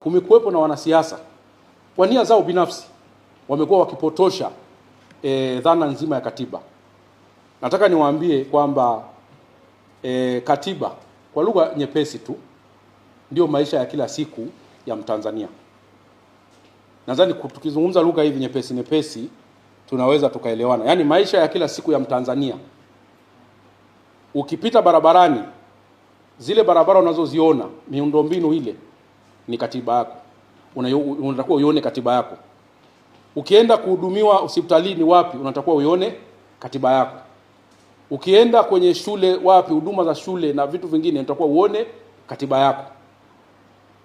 Kumekuwepo na wanasiasa kwa nia zao binafsi wamekuwa wakipotosha e, dhana nzima ya katiba. Nataka niwaambie kwamba e, katiba kwa lugha nyepesi tu ndio maisha ya kila siku ya Mtanzania. Nadhani tukizungumza lugha hivi nyepesi nyepesi tunaweza tukaelewana, yaani maisha ya kila siku ya Mtanzania. Ukipita barabarani, zile barabara unazoziona, miundombinu ile ni katiba yako, unatakiwa uione katiba yako. Ukienda kuhudumiwa hospitalini wapi, unatakiwa uione katiba yako. Ukienda kwenye shule wapi, huduma za shule na vitu vingine, unatakiwa uone katiba yako.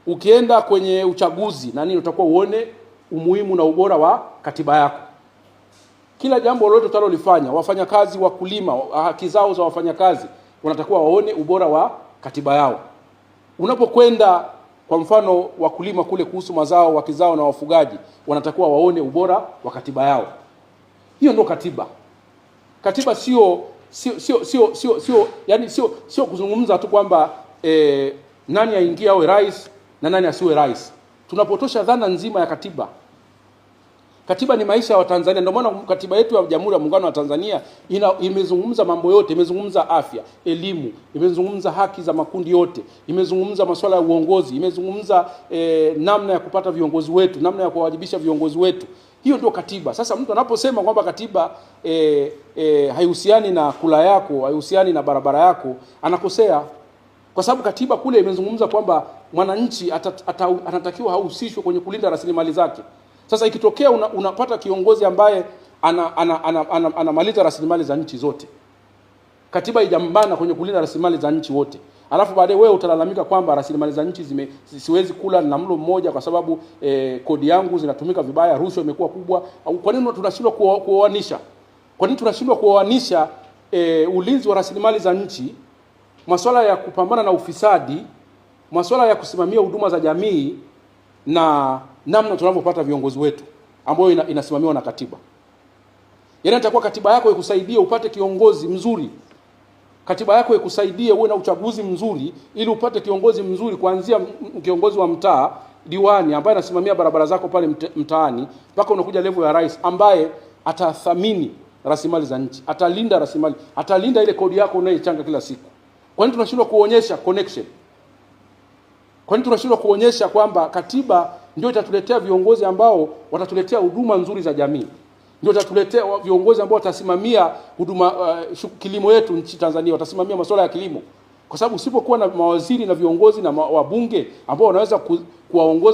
Ukienda kwenye uchaguzi na nini, unatakiwa uone umuhimu na ubora wa katiba yako. Kila jambo lolote utalolifanya, wafanyakazi, wakulima, haki zao za wafanyakazi, wanatakiwa waone ubora wa katiba yao. Unapokwenda kwa mfano wakulima kule kuhusu mazao wakizao na wafugaji wanatakiwa waone ubora wa katiba yao. Hiyo ndio katiba. Katiba sio sio sio sio sio sio yani sio sio kuzungumza tu kwamba eh, nani aingie awe rais na nani asiwe rais. Tunapotosha dhana nzima ya katiba. Katiba ni maisha ya Watanzania. Ndio maana katiba yetu ya Jamhuri ya Muungano wa Tanzania ina, imezungumza mambo yote, imezungumza afya, elimu, imezungumza haki za makundi yote, imezungumza masuala ya uongozi, imezungumza eh, namna ya kupata viongozi wetu, namna ya kuwawajibisha viongozi wetu. Hiyo ndio katiba. Sasa mtu anaposema kwamba katiba eh, eh, haihusiani na kula yako, haihusiani na barabara yako, anakosea kwa sababu katiba kule imezungumza kwamba mwananchi anatakiwa hahusishwe kwenye kulinda rasilimali zake. Sasa ikitokea una, unapata kiongozi ambaye anamaliza ana, ana, ana, ana, ana rasilimali za nchi zote, katiba ijambana kwenye kulinda rasilimali za nchi wote, alafu baadaye wewe utalalamika kwamba rasilimali za nchi zime, siwezi kula na mlo mmoja kwa sababu eh, kodi yangu zinatumika vibaya, rushwa imekuwa kubwa. Kwa nini tunashindwa kuoanisha? Kwa nini tunashindwa kuoanisha eh, ulinzi wa rasilimali za nchi, masuala ya kupambana na ufisadi, masuala ya kusimamia huduma za jamii na namna tunavyopata viongozi wetu ambayo ina, inasimamiwa na katiba. Yaani natakuwa katiba yako ikusaidie upate kiongozi mzuri, katiba yako ikusaidie uwe na uchaguzi mzuri, ili upate kiongozi mzuri, kuanzia kiongozi wa mtaa, diwani ambaye anasimamia barabara zako pale mtaani, mpaka unakuja level ya rais ambaye atathamini rasilimali za nchi, atalinda rasilimali, atalinda ile kodi yako unayochanga kila siku. Kwa nini tunashindwa kuonyesha connection? Kwa nini tunashindwa kuonyesha kwamba katiba ndio itatuletea viongozi ambao watatuletea huduma nzuri za jamii, ndio itatuletea viongozi ambao watasimamia huduma uh, kilimo yetu nchi Tanzania, watasimamia masuala ya kilimo, kwa sababu usipokuwa na mawaziri na viongozi na wabunge ambao wanaweza ku, kuwaongoza